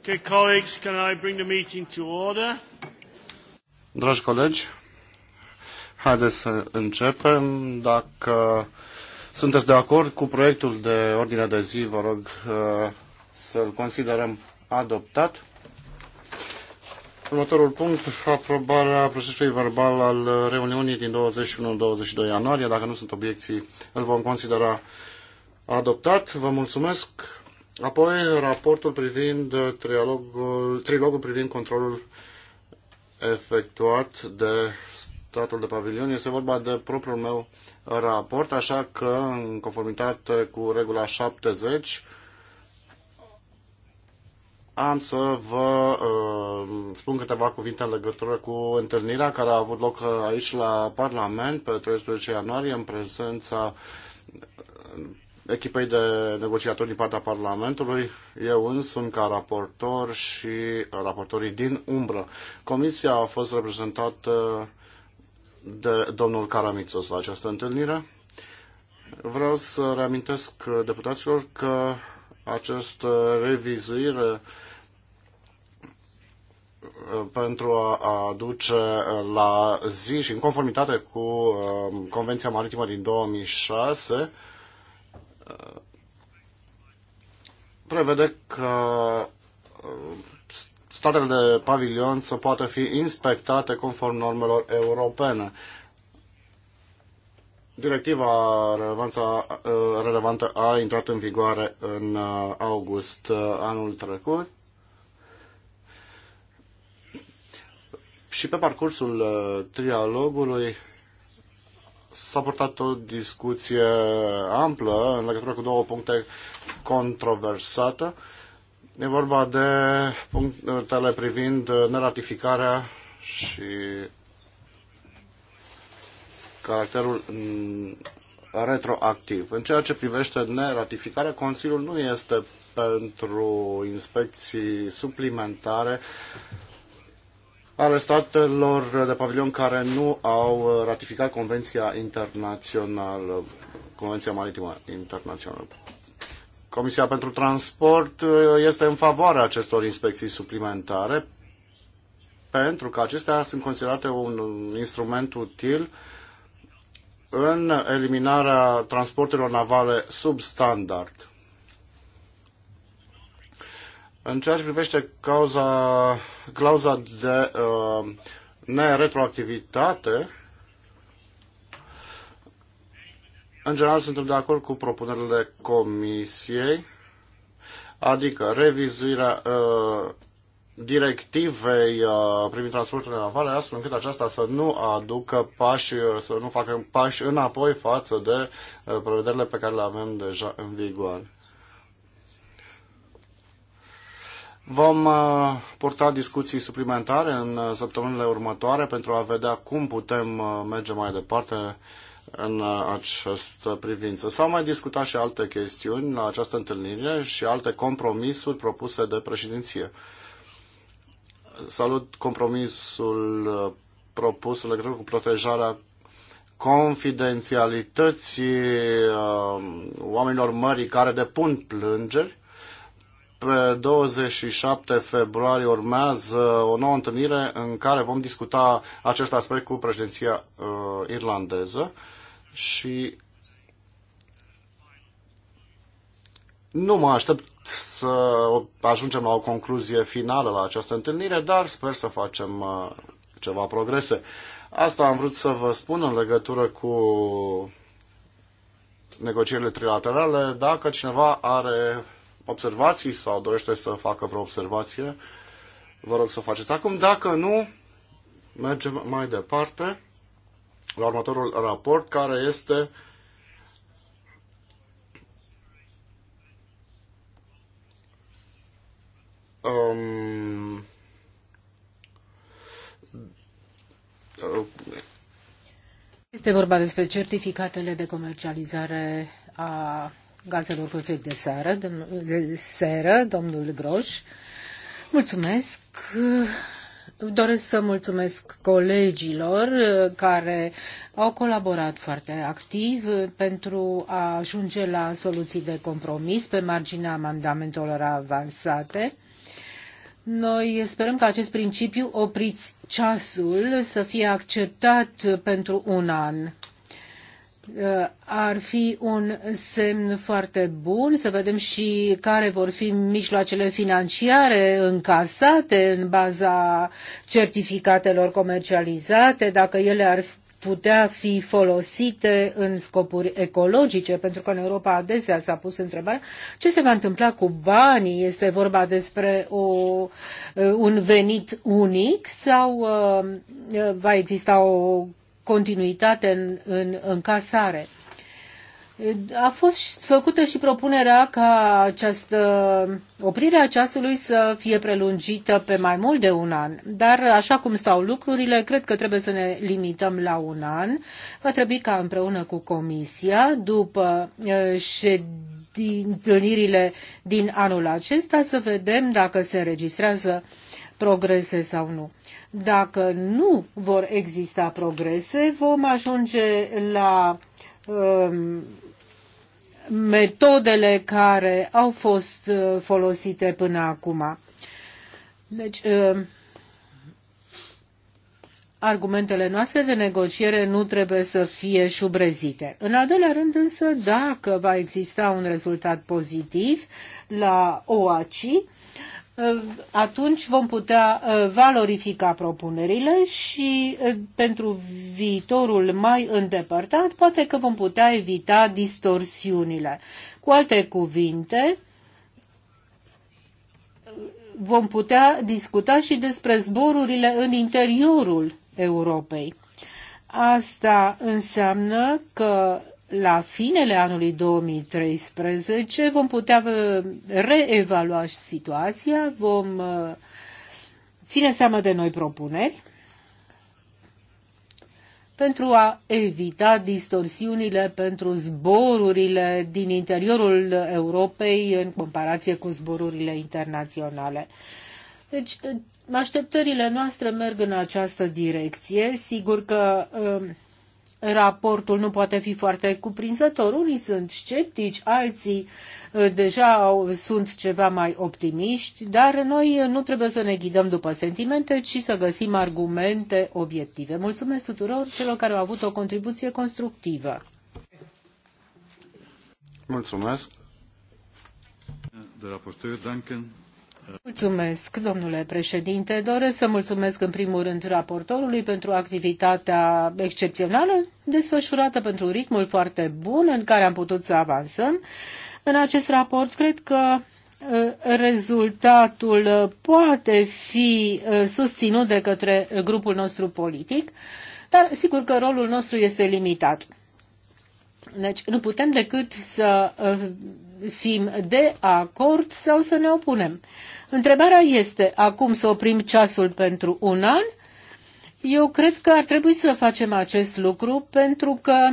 Okay, colleagues, can I bring the meeting to order? Dragi colegi, haideți să începem. Dacă sunteți de acord cu proiectul de ordine de zi, vă rog uh, să-l considerăm adoptat. Următorul punct, aprobarea procesului verbal al reuniunii din 21-22 ianuarie. Dacă nu sunt obiecții, îl vom considera adoptat. Vă mulțumesc. Apoi raportul privind uh, trilogul, trilogul privind controlul efectuat de statul de pavilion. Este vorba de propriul meu raport, așa că în conformitate cu regula 70 am să vă uh, spun câteva cuvinte în legătură cu întâlnirea care a avut loc uh, aici la Parlament pe 13 ianuarie în prezența echipei de negociatori din partea Parlamentului, eu însumi ca raportor și raportorii din umbră. Comisia a fost reprezentată de domnul Karamitsos la această întâlnire. Vreau să reamintesc deputaților că această revizuire uh, pentru a aduce la zi și în conformitate cu uh, Convenția Maritimă din 2006 prevede că uh, statele de pavilion să poată fi inspectate conform normelor europene. Directiva relevanța, uh, relevantă a intrat în vigoare în uh, august anul trecut și pe parcursul trialogului s-a purtat o discuție amplă în legătură cu două puncte controversate. E vorba de punctele privind neratificarea și caracterul retroactiv. În ceea ce privește neratificarea, Consiliul nu este pentru inspecții suplimentare ale statelor de pavilion care nu au uh, ratificat Convenția Internațională, Convenția Maritimă Internațională. Comisia pentru Transport uh, este în favoarea acestor inspecții suplimentare pentru că acestea sunt considerate un instrument util în eliminarea transporturilor navale substandard. În ceea ce privește cauza, clauza de uh, neretroactivitate, în general suntem de acord cu propunerile Comisiei, adică revizuirea uh, directivei uh, privind transporturile navale, astfel încât aceasta să nu aducă pași, uh, să nu facă pași înapoi față de uh, prevederile pe care le avem deja în vigoare. Vom uh, purta discuții suplimentare în uh, săptămânile următoare pentru a vedea cum putem uh, merge mai departe în această privință. S-au mai discutat și alte chestiuni la această întâlnire și alte compromisuri propuse de președinție. Salut compromisul propus legătură cu protejarea confidențialității oamenilor mării care depun plângeri pe 27 februarie urmează o nouă întâlnire în care vom discuta acest aspect cu președinția uh, irlandeză și nu mă aștept să ajungem la o concluzie finală la această întâlnire, dar sper să facem uh, ceva progrese. Asta am vrut să vă spun în legătură cu negocierile trilaterale. Dacă cineva are observații sau dorește să facă vreo observație, vă rog să o faceți acum. Dacă nu, mergem mai departe la următorul raport, care este um, este vorba despre certificatele de comercializare a gazelor cu de seară, de seră, domnul Groș. Mulțumesc. Doresc să mulțumesc colegilor uh, care au colaborat foarte activ uh, pentru a ajunge la soluții de compromis pe marginea amendamentelor avansate. Noi sperăm că acest principiu opriți ceasul să fie acceptat pentru un an Uh, ar fi un semn foarte bun să vedem și care vor fi mijloacele financiare încasate în baza certificatelor comercializate, dacă ele ar putea fi folosite în scopuri ecologice, pentru că în Europa adesea s-a pus întrebarea ce se va întâmpla cu banii, este vorba despre o, uh, un venit unic sau uh, va exista o continuitate în, în, în casare. A fost făcută și propunerea ca această oprirea ceasului să fie prelungită pe mai mult de un an, dar așa cum stau lucrurile, cred că trebuie să ne limităm la un an. Va trebui ca împreună cu Comisia, după ședințările din anul acesta, să vedem dacă se înregistrează progrese sau nu. Dacă nu vor exista progrese, vom ajunge la um, metodele care au fost uh, folosite până acum. Deci, um, argumentele noastre de negociere nu trebuie să fie șubrezite. În al doilea rând însă, dacă va exista un rezultat pozitiv la OACI, Uh, atunci vom putea uh, valorifica propunerile și uh, pentru viitorul mai îndepărtat poate că vom putea evita distorsiunile. Cu alte cuvinte, vom putea discuta și despre zborurile în interiorul Europei. Asta înseamnă că la finele anului 2013 vom putea reevalua situația, vom uh, ține seama de noi propuneri pentru a evita distorsiunile pentru zborurile din interiorul Europei în comparație cu zborurile internaționale. Deci, așteptările noastre merg în această direcție. Sigur că um, raportul nu poate fi foarte cuprinzător. Unii sunt sceptici, alții uh, deja au, sunt ceva mai optimiști, dar noi uh, nu trebuie să ne ghidăm după sentimente, ci să găsim argumente obiective. Mulțumesc tuturor celor care au avut o contribuție constructivă. Mulțumesc. De raporteur, Duncan. Mulțumesc, domnule președinte. Doresc să mulțumesc în primul rând raportorului pentru activitatea excepțională desfășurată pentru ritmul foarte bun în care am putut să avansăm. În acest raport cred că uh, rezultatul uh, poate fi uh, susținut de către grupul nostru politic, dar sigur că rolul nostru este limitat. Deci nu putem decât să fim de acord sau să ne opunem. Întrebarea este, acum să oprim ceasul pentru un an? Eu cred că ar trebui să facem acest lucru pentru că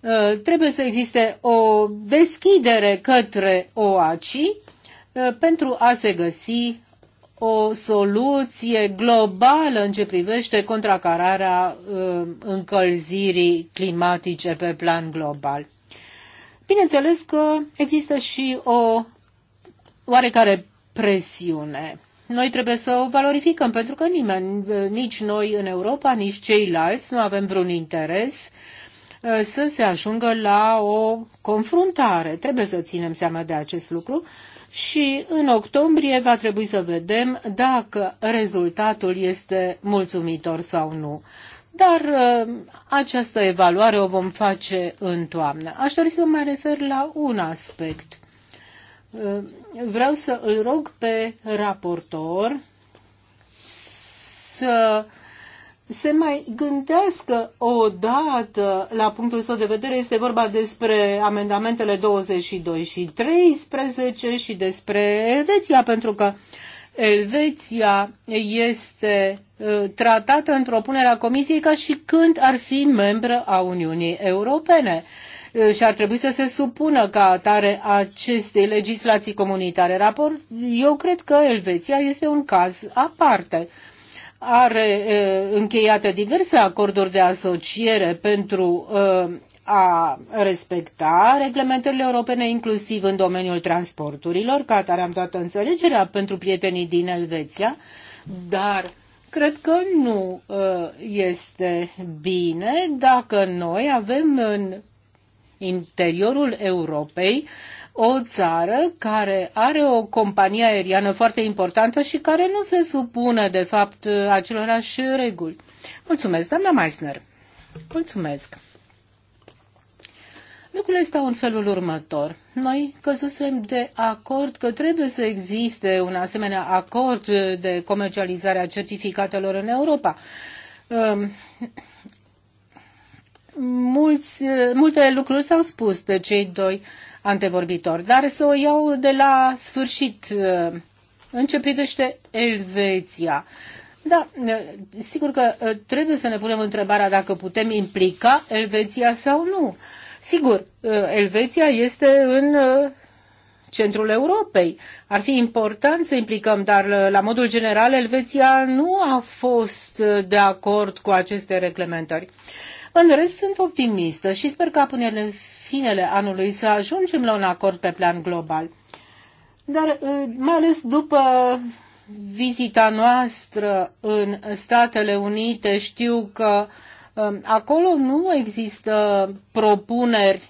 uh, trebuie să existe o deschidere către OACI uh, pentru a se găsi o soluție globală în ce privește contracararea uh, încălzirii climatice pe plan global. Bineînțeles că există și o oarecare presiune. Noi trebuie să o valorificăm, pentru că nimeni, nici noi în Europa, nici ceilalți, nu avem vreun interes uh, să se ajungă la o confruntare. Trebuie să ținem seama de acest lucru și în octombrie va trebui să vedem dacă rezultatul este mulțumitor sau nu dar uh, această evaluare o vom face în toamnă. Aș dori să mă refer la un aspect. Uh, vreau să îl rog pe raportor să se mai gândească o dată la punctul său de vedere. Este vorba despre amendamentele 22 și 13 și despre Elveția, pentru că uh, Elveția este ă, tratată în propunerea Comisiei ca și când ar fi membră a Uniunii Europene ă, și ar trebui să se supună ca atare acestei legislații comunitare. Raport, eu cred că Elveția este un caz aparte. Are ă, încheiate diverse acorduri de asociere pentru a respecta reglementările europene, inclusiv în domeniul transporturilor, ca atare am toată înțelegerea pentru prietenii din Elveția, dar cred că nu ă, este bine dacă noi avem în interiorul Europei o țară care are o companie aeriană foarte importantă și care nu se supune, de fapt, acelorași reguli. Mulțumesc, doamna Meissner. Mulțumesc. Lucrurile stau în felul următor. Noi căzusem de acord că trebuie să existe un asemenea acord de comercializare a certificatelor în Europa. Um, mulți, multe lucruri s-au spus de cei doi antevorbitori, dar să o iau de la sfârșit uh, în ce privește Elveția. Da, uh, sigur că uh, trebuie să ne punem întrebarea dacă putem implica Elveția sau nu. Sigur, uh, Elveția este în uh, centrul Europei. Ar fi important să implicăm, dar uh, la modul general Elveția nu a fost de acord cu aceste reglementări. În rest, sunt optimistă și sper ca până în finele anului să ajungem la un acord pe plan global. Dar mai ales după vizita noastră în Statele Unite știu că uh, Ehm, acolo nu există propuneri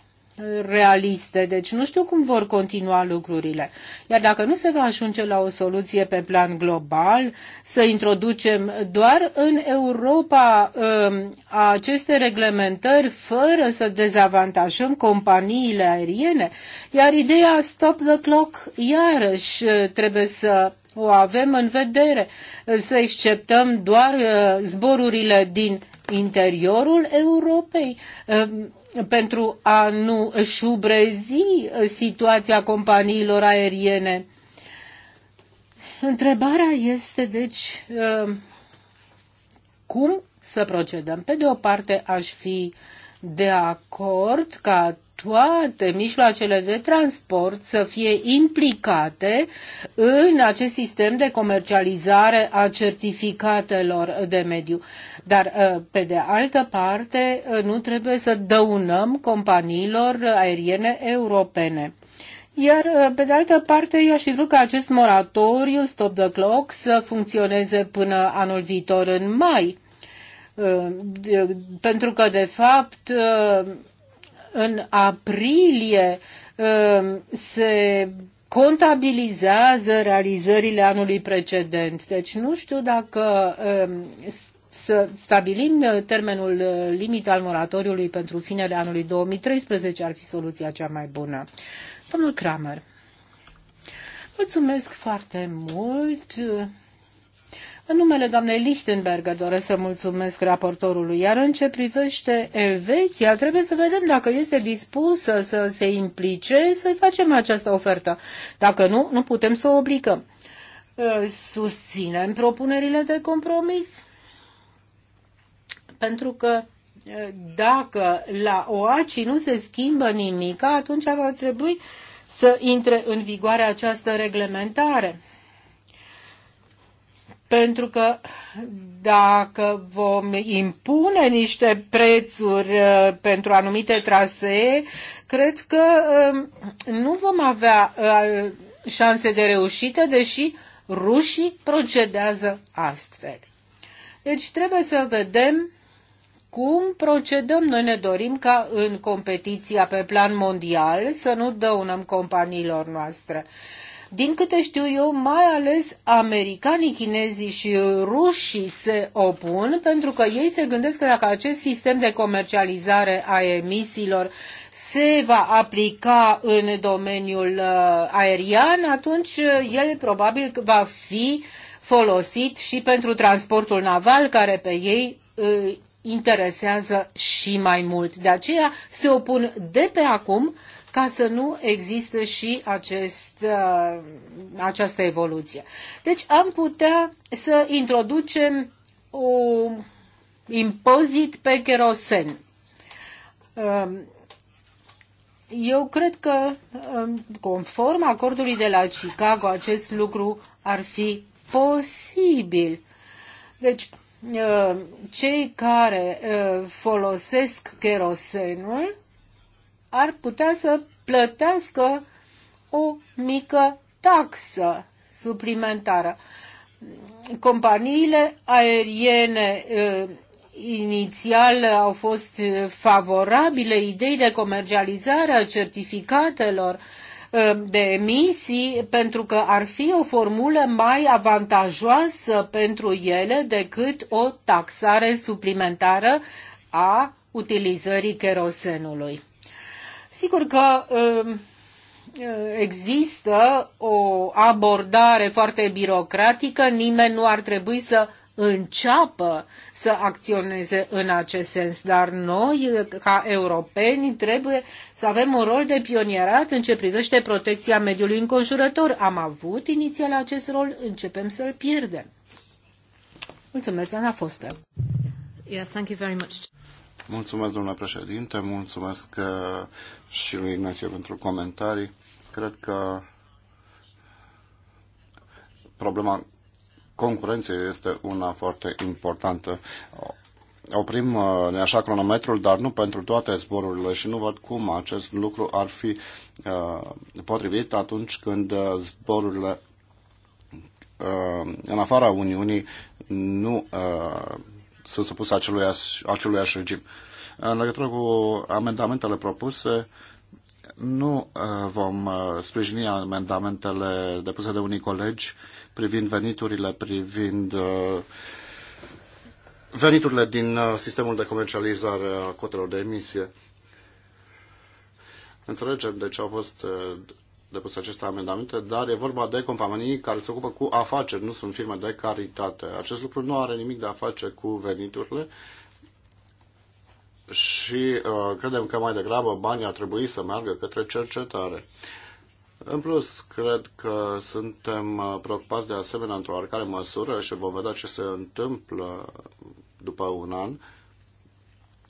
realiste, deci nu știu cum vor continua lucrurile. Iar dacă nu se va ajunge la o soluție pe plan global, să introducem doar în Europa ehm, aceste reglementări fără să dezavantajăm companiile aeriene, iar ideea stop the clock iarăși eh, trebuie să o avem în vedere, să exceptăm doar eh, zborurile din interiorul Europei um, pentru a nu șubrezi uh, situația companiilor aeriene. Întrebarea este, deci, um, cum să procedăm? Pe de o parte, aș fi de acord ca toate mijloacele de transport să fie implicate în acest sistem de comercializare a certificatelor de mediu. Dar, uh, pe de altă parte, uh, nu trebuie să dăunăm companiilor aeriene europene. Iar, uh, pe de altă parte, eu aș fi vrut ca acest moratoriu, stop the clock, să funcționeze până anul viitor, în mai. Pentru că, de fapt, în aprilie um, se contabilizează realizările anului precedent. Deci nu știu dacă um, să stabilim uh, termenul uh, limit al moratoriului pentru finele anului 2013 ar fi soluția cea mai bună. Domnul Kramer. Mulțumesc foarte mult. În numele doamnei Lichtenberger doresc să mulțumesc raportorului, iar în ce privește Elveția, trebuie să vedem dacă este dispusă să se implice, să facem această ofertă. Dacă nu, nu putem să o obligăm. Ă, susținem propunerile de compromis, pentru că ă, dacă la OACI nu se schimbă nimic, atunci ar trebui să intre în vigoare această reglementare pentru că dacă vom impune niște prețuri uh, pentru anumite trasee, cred că um, nu vom avea uh, șanse de reușită, deși rușii procedează astfel. Deci trebuie să vedem cum procedăm. Noi ne dorim ca în competiția pe plan mondial să nu dăunăm companiilor noastre. Uh, din câte știu eu, mai ales americanii, chinezii și rușii se opun pentru că ei se gândesc că dacă acest sistem de comercializare a emisiilor se va aplica în domeniul uh, aerian, atunci uh, el probabil va fi folosit și pentru transportul naval, care pe ei uh, interesează și mai mult. De aceea se opun de pe acum ca să nu existe și acest, uh, această evoluție. Deci am putea să introducem un impozit pe kerosen. Um, eu cred că, um, conform acordului de la Chicago, acest lucru ar fi posibil. Deci, uh, cei care uh, folosesc kerosenul ar putea să plătească o mică taxă suplimentară. Companiile aeriene eh, inițial au fost favorabile idei de comercializare a certificatelor eh, de emisii pentru că ar fi o formulă mai avantajoasă pentru ele decât o taxare suplimentară a utilizării kerosenului. Sigur că um, există o abordare foarte birocratică, nimeni nu ar trebui să înceapă să acționeze în acest sens, dar noi, ca europeni, trebuie să avem un rol de pionierat în ce privește protecția mediului înconjurător. Am avut inițial acest rol, începem să-l pierdem. Mulțumesc, doamna Foster. Yeah, thank you very much. Mulțumesc, domnule președinte, mulțumesc uh, și lui Ignație pentru comentarii. Cred că problema concurenței este una foarte importantă. Oprim uh, așa cronometrul, dar nu pentru toate zborurile și nu văd cum acest lucru ar fi uh, potrivit atunci când zborurile în afara Uniunii nu să acelui, aceluiași, aceluiași regim. În legătură cu amendamentele propuse, nu uh, vom uh, sprijini amendamentele depuse de unii colegi privind veniturile, privind uh, veniturile din sistemul de comercializare a cotelor de emisie. Înțelegem de deci, ce au fost depuse aceste amendamente, dar e vorba de companii care se ocupă cu afaceri, nu sunt firme de caritate. Acest lucru nu are nimic de a face cu veniturile și uh, credem că mai degrabă banii ar trebui să meargă către cercetare. În plus, cred că suntem uh, preocupați de asemenea într-o oricare măsură și vom vedea ce se întâmplă după un an.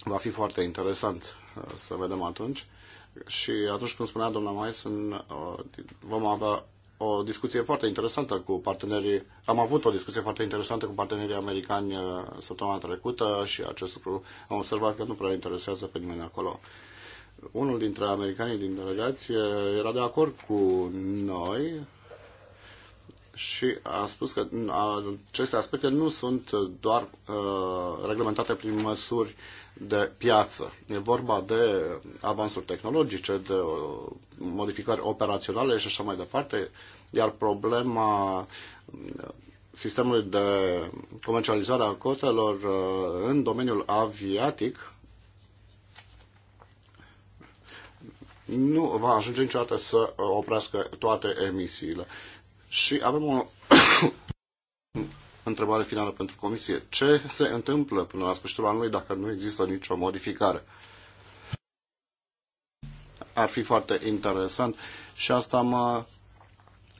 Va fi foarte interesant uh, să vedem atunci și atunci când spunea doamna Maison, uh, vom avea o discuție foarte interesantă cu partenerii, am avut o discuție foarte interesantă cu partenerii americani uh, săptămâna trecută și acest lucru am observat că nu prea interesează pe nimeni acolo. Unul dintre americanii din delegație era de acord cu noi și a spus că aceste aspecte nu sunt doar uh, reglementate prin măsuri de piață. E vorba de avansuri tehnologice, de uh, modificări operaționale și așa mai departe, iar problema uh, sistemului de comercializare a cotelor uh, în domeniul aviatic nu va ajunge niciodată să uh, oprească toate emisiile. Și avem o întrebare finală pentru comisie. Ce se întâmplă până la sfârșitul anului dacă nu există nicio modificare? Ar fi foarte interesant și asta mă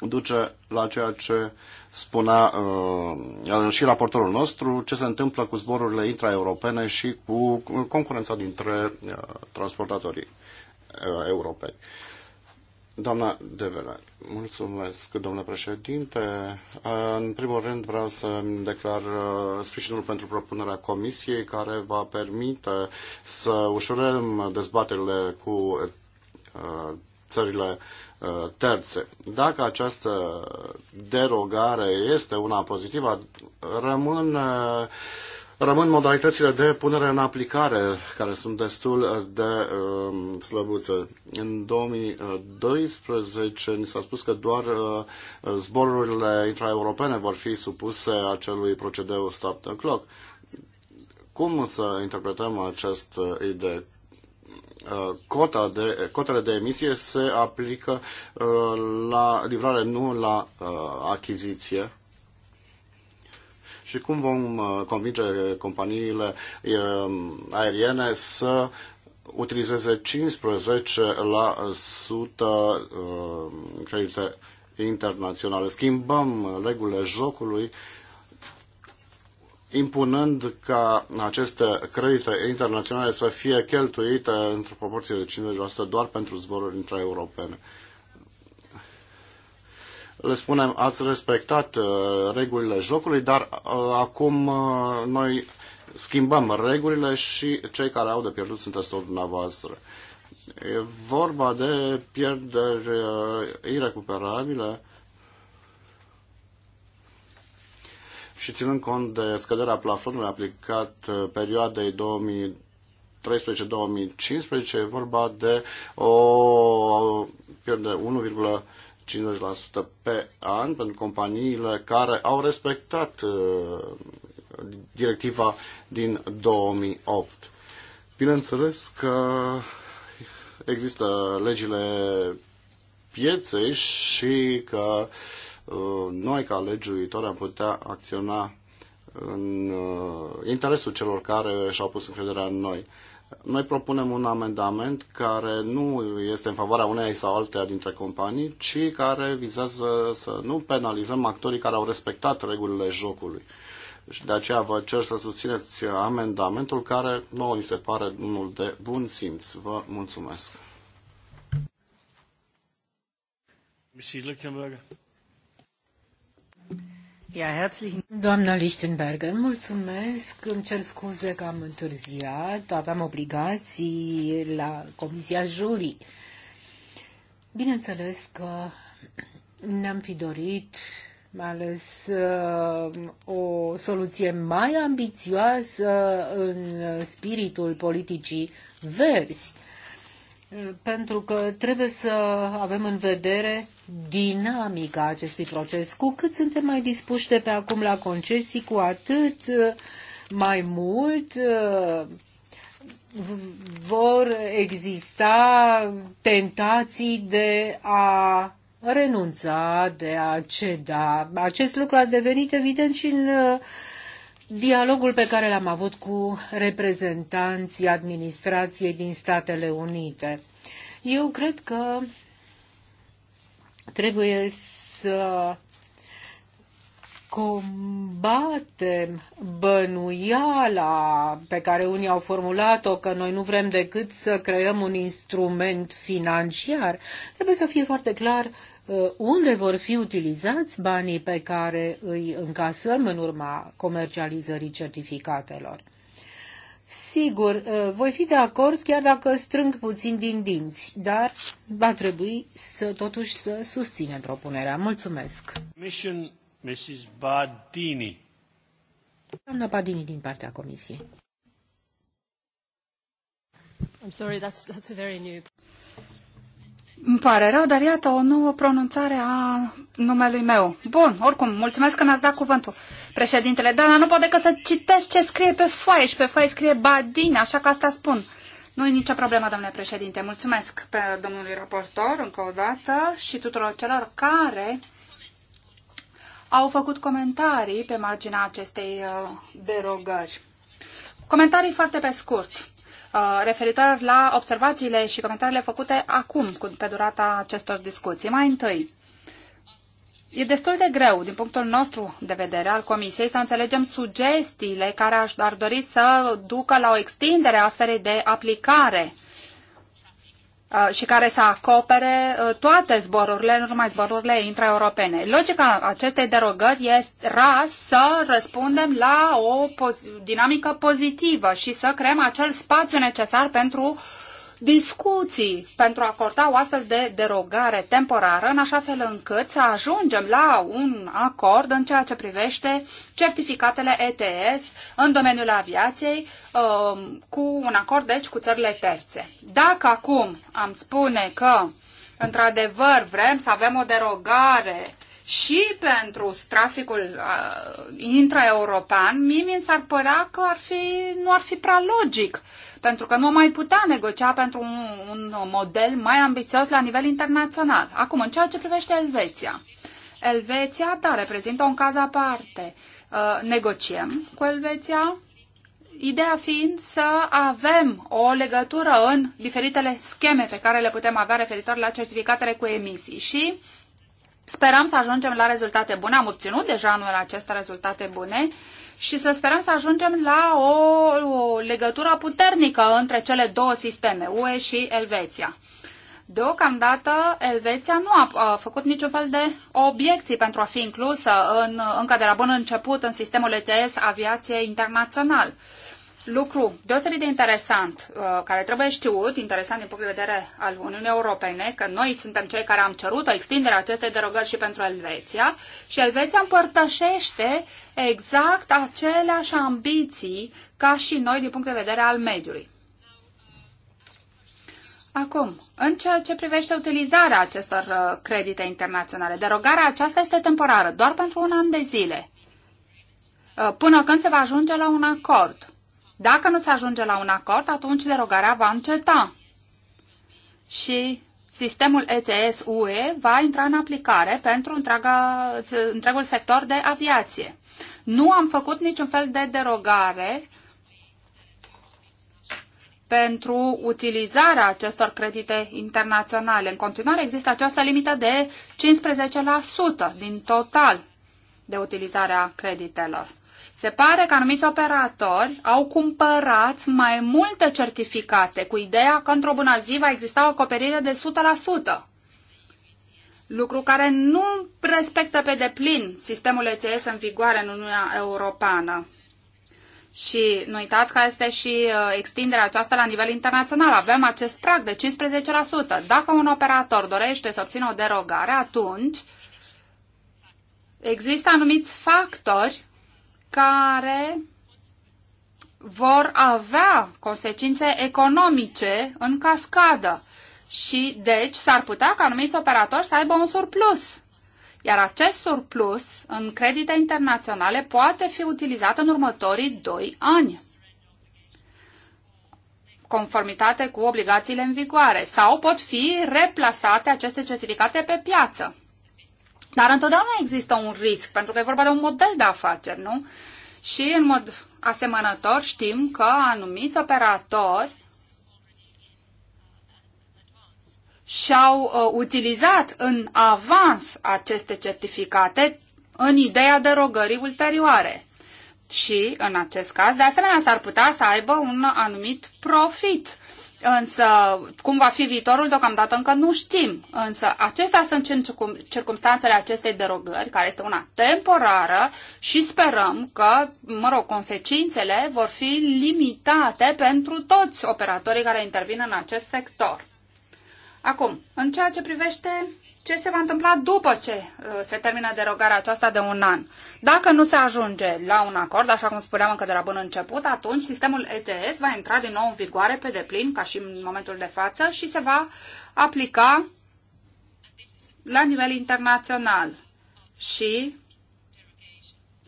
duce la ceea ce spunea uh, și raportorul nostru, ce se întâmplă cu zborurile intraeuropene și cu concurența dintre uh, transportatorii uh, europeni. Uh, Doamna Devela, mulțumesc, domnule președinte. În primul rând vreau să declar uh, sprijinul pentru propunerea comisiei care va permite să ușurăm dezbaterile cu uh, țările uh, terțe. Dacă această derogare este una pozitivă, rămân Rămân modalitățile de punere în aplicare, care sunt destul de uh, slăbuțe. În 2012 ni s-a spus că doar uh, zborurile intraeuropene vor fi supuse acelui procedeu stop the clock. Cum să interpretăm acest uh, idee? Uh, cota de, cotele de emisie se aplică uh, la livrare, nu la uh, achiziție și cum vom uh, convinge companiile uh, aeriene să utilizeze 15% uh, credite internaționale. Schimbăm regulile jocului impunând ca aceste credite internaționale să fie cheltuite într-o proporție de 50% doar pentru zboruri intraeuropene. europene le spunem ați respectat uh, regulile jocului, dar uh, acum uh, noi schimbăm regulile și cei care au de pierdut sunt testul dumneavoastră. E vorba de pierderi irecuperabile și ținând cont de scăderea plafonului aplicat perioadei 2013-2015, e vorba de o pierdere 1, 50% pe an pentru companiile care au respectat uh, directiva din 2008. Bineînțeles că există legile pieței și că uh, noi ca legiuitori am putea acționa în uh, interesul celor care și-au pus încrederea în noi. Noi propunem un amendament care nu este în favoarea unei sau alteia dintre companii, ci care vizează să nu penalizăm actorii care au respectat regulile jocului. Și de aceea vă cer să susțineți amendamentul care nouă ni se pare unul de bun simț. Vă mulțumesc. Ja, herzlichen Doamna Lichtenberger, mulțumesc, îmi cer scuze că am întârziat, aveam obligații la Comisia Juri. Bineînțeles că ne-am fi dorit mai ales uh, o soluție mai ambițioasă în spiritul politicii verzi, pentru că trebuie să avem în vedere dinamica acestui proces. Cu cât suntem mai dispuși de pe acum la concesii, cu atât uh, mai mult uh, vor exista tentații de a renunța, de a ceda. Acest lucru a devenit evident și în uh, dialogul pe care l-am avut cu reprezentanții administrației din Statele Unite. Eu cred că Trebuie să combatem bănuiala pe care unii au formulat-o că noi nu vrem decât să creăm un instrument financiar. Trebuie să fie foarte clar uh, unde vor fi utilizați banii pe care îi încasăm în urma comercializării certificatelor. Sigur, uh, voi fi de acord chiar dacă strâng puțin din dinți, dar va trebui să totuși să susținem propunerea. Mulțumesc. Mission Mrs. Badini. Doamna Badini din partea Comisiei. I'm sorry, that's, that's a very new... Îmi pare rău, dar iată o nouă pronunțare a numelui meu. Bun, oricum, mulțumesc că mi-ați dat cuvântul. Președintele, Dana, nu pot decât să citesc ce scrie pe foaie și pe foaie scrie Badin, așa că asta spun. Nu e nicio problemă, domnule președinte. Mulțumesc pe domnului raportor încă o dată și tuturor celor care au făcut comentarii pe marginea acestei uh, derogări. Comentarii foarte pe scurt. Uh, referitor la observațiile și comentariile făcute acum, pe durata acestor discuții. Mai întâi, E destul de greu, din punctul nostru de vedere al Comisiei, să înțelegem sugestiile care ar dori să ducă la o extindere a sferei de aplicare Uh, și care să acopere uh, toate zborurile, nu numai zborurile intraeuropene. Logica acestei derogări ra să răspundem la o dinamică pozitivă și să creăm acel spațiu necesar pentru uh, discuții pentru a acorda o astfel de derogare temporară, în așa fel încât să ajungem la un acord în ceea ce privește certificatele ETS în domeniul aviației, um, cu un acord, deci, cu țările terțe. Dacă acum am spune că într-adevăr vrem să avem o derogare și pentru traficul uh, intraeuropean, mie mi s-ar părea că ar fi, nu ar fi prea logic, pentru că nu mai putea negocia pentru un, un model mai ambițios la nivel internațional. Acum, în ceea ce privește Elveția. Elveția, da, reprezintă un caz aparte. Uh, negociem cu Elveția, ideea fiind să avem o legătură în diferitele scheme pe care le putem avea referitor la certificatele cu emisii și uh, Sperăm să ajungem la rezultate bune. Am obținut deja anul acesta rezultate bune și să sperăm să ajungem la o, o legătură puternică între cele două sisteme, UE și Elveția. Deocamdată, Elveția nu a, a făcut niciun fel de obiecții pentru a fi inclusă în, încă de la bun început în sistemul ETS aviație internațional lucru deosebit de interesant, uh, care trebuie știut, interesant din punct de vedere al Uniunii Europene, că noi suntem cei care am cerut o extindere a acestei derogări și pentru Elveția și Elveția împărtășește exact aceleași ambiții ca și noi din punct de vedere al mediului. Acum, în ceea ce privește utilizarea acestor uh, credite internaționale, derogarea aceasta este temporară, doar pentru un an de zile, uh, până când se va ajunge la un acord dacă nu se ajunge la un acord, atunci derogarea va înceta și sistemul ETS-UE va intra în aplicare pentru întreaga, întregul sector de aviație. Nu am făcut niciun fel de derogare pentru utilizarea acestor credite internaționale. În continuare există această limită de 15% din total de utilizarea creditelor. Se pare că anumiți operatori au cumpărat mai multe certificate cu ideea că într-o bună zi va exista o acoperire de 100%. Lucru care nu respectă pe deplin sistemul ETS în vigoare în Uniunea Europeană. Și nu uitați că este și uh, extinderea aceasta la nivel internațional. Avem acest prag de 15%. Dacă un operator dorește să obțină o derogare, atunci există anumiți factori care vor avea consecințe economice în cascadă și deci s-ar putea ca anumiți operatori să aibă un surplus. Iar acest surplus în credite internaționale poate fi utilizat în următorii doi ani conformitate cu obligațiile în vigoare sau pot fi replasate aceste certificate pe piață. Dar întotdeauna există un risc, pentru că e vorba de un model de afaceri, nu? Și în mod asemănător știm că anumiți operatori și-au uh, utilizat în avans aceste certificate în ideea derogării ulterioare. Și, în acest caz, de asemenea, s-ar putea să aibă un anumit profit Însă, cum va fi viitorul, deocamdată încă nu știm. Însă, acestea sunt circunstanțele acestei derogări, care este una temporară și sperăm că, mă rog, consecințele vor fi limitate pentru toți operatorii care intervin în acest sector. Acum, în ceea ce privește ce se va întâmpla după ce uh, se termină derogarea aceasta de un an. Dacă nu se ajunge la un acord, așa cum spuneam încă de la bun început, atunci sistemul ETS va intra din nou în vigoare pe deplin, ca și în momentul de față, și se va aplica la nivel internațional. Și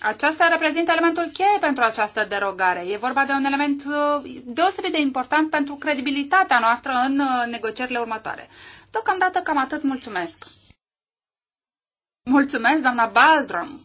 aceasta reprezintă elementul cheie pentru această derogare. E vorba de un element uh, deosebit de important pentru credibilitatea noastră în uh, negocierile următoare. Deocamdată cam atât. Mulțumesc. Mulțumesc, doamna Baldrum.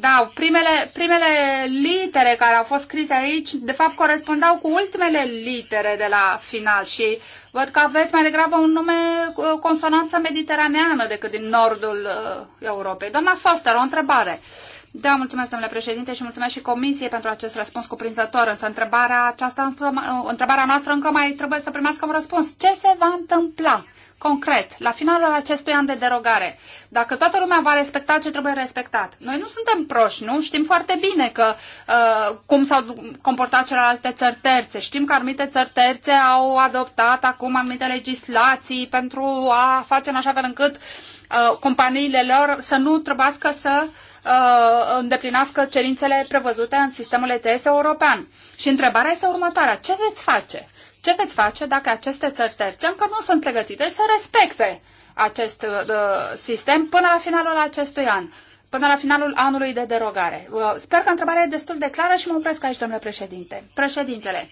Da, primele, primele litere care au fost scrise aici, de fapt, corespundau cu ultimele litere de la final și văd că aveți mai degrabă un nume cu consonanță mediteraneană decât din nordul uh, Europei. Doamna Foster, o întrebare. Uh, da, mulțumesc, domnule președinte, și mulțumesc și Comisiei pentru acest răspuns cuprinzător. Însă întrebarea, aceasta, uh, întrebarea noastră încă mai trebuie să primească un răspuns. Ce se va întâmpla concret la finalul acestui an de derogare? Dacă toată lumea va respecta ce trebuie respectat. Noi nu suntem proști, nu? Știm foarte bine că uh, cum s-au comportat celelalte țări terțe. Știm că anumite țări terțe au adoptat acum anumite legislații pentru a face în așa fel încât uh, Uh, companiile lor să nu trebuiască să uh, îndeplinească cerințele prevăzute în sistemul ETS european. Și întrebarea este următoarea. Ce veți face? Ce veți face dacă aceste țări terțe încă nu sunt pregătite să respecte acest uh, sistem până la finalul acestui an? până la finalul anului de derogare. Sper că întrebarea e destul de clară și mă opresc aici, domnule președinte. Președintele,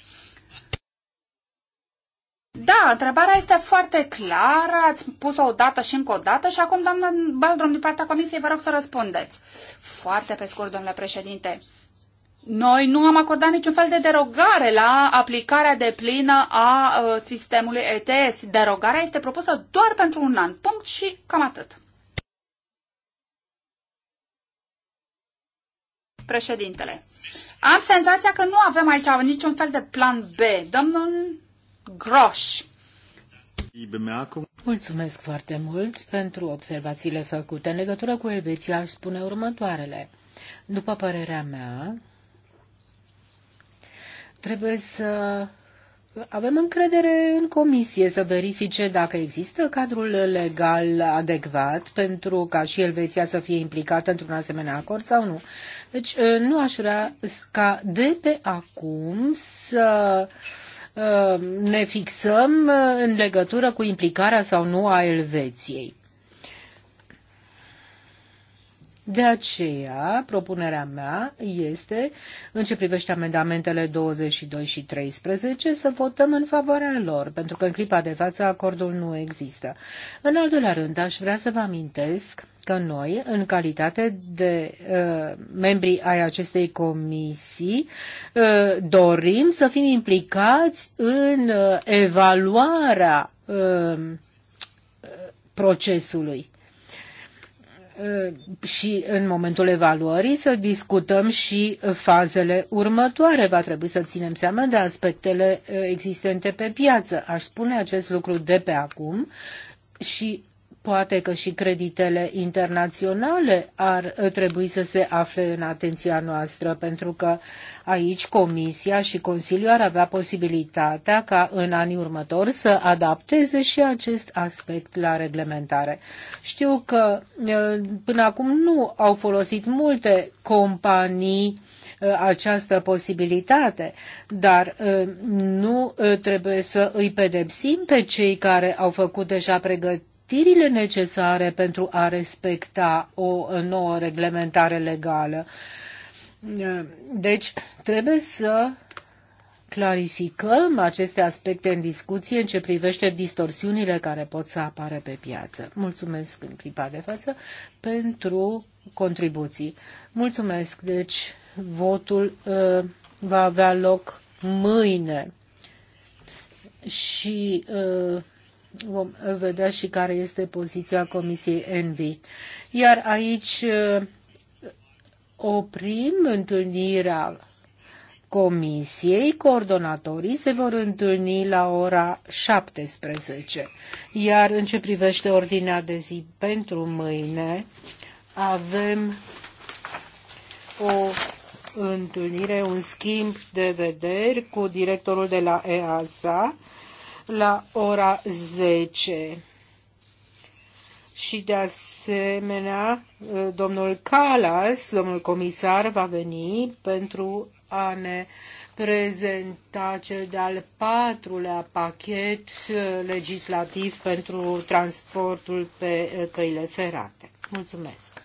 da, întrebarea este foarte clară, ați pus-o dată și încă o dată și acum, doamna Baldrum, din partea Comisiei, vă rog să răspundeți. Foarte pe scurt, domnule președinte. Noi nu am acordat niciun fel de derogare la aplicarea de plină a uh, sistemului ETS. Derogarea este propusă doar pentru un an. Punct și cam atât. Președintele, am senzația că nu avem aici niciun fel de plan B. Domnul Groș. Mulțumesc foarte mult pentru observațiile făcute. În legătură cu Elveția aș spune următoarele. După părerea mea, trebuie să avem încredere în comisie să verifice dacă există cadrul legal adecvat pentru ca și Elveția să fie implicată într-un asemenea acord sau nu. Deci nu aș vrea ca de pe acum să uh, Uh, ne fixăm uh, în legătură cu implicarea sau nu a Elveției. De aceea, propunerea mea este, în ce privește amendamentele 22 și 13, să votăm în favoarea lor, pentru că în clipa de față acordul nu există. În al doilea rând, aș vrea să vă amintesc că noi, în calitate de uh, membri ai acestei comisii, uh, dorim să fim implicați în uh, evaluarea uh, procesului uh, și în momentul evaluării să discutăm și fazele următoare. Va trebui să ținem seama de aspectele uh, existente pe piață. Aș spune acest lucru de pe acum și Poate că și creditele internaționale ar trebui să se afle în atenția noastră, pentru că aici Comisia și Consiliul ar avea posibilitatea ca în anii următori să adapteze și acest aspect la reglementare. Știu că până acum nu au folosit multe companii această posibilitate, dar nu trebuie să îi pedepsim pe cei care au făcut deja pregătirea pregătirile necesare pentru a respecta o nouă reglementare legală. Deci, trebuie să clarificăm aceste aspecte în discuție în ce privește distorsiunile care pot să apară pe piață. Mulțumesc în clipa de față pentru contribuții. Mulțumesc. Deci, votul uh, va avea loc mâine și uh, vom vedea și care este poziția Comisiei Envi. Iar aici uh, oprim întâlnirea Comisiei, coordonatorii se vor întâlni la ora 17. Iar în ce privește ordinea de zi pentru mâine, avem o întâlnire, un schimb de vederi cu directorul de la EASA, la ora 10. Și de asemenea, uh, domnul Calas, domnul comisar, va veni pentru a ne prezenta cel de-al patrulea pachet uh, legislativ pentru transportul pe uh, căile ferate. Mulțumesc!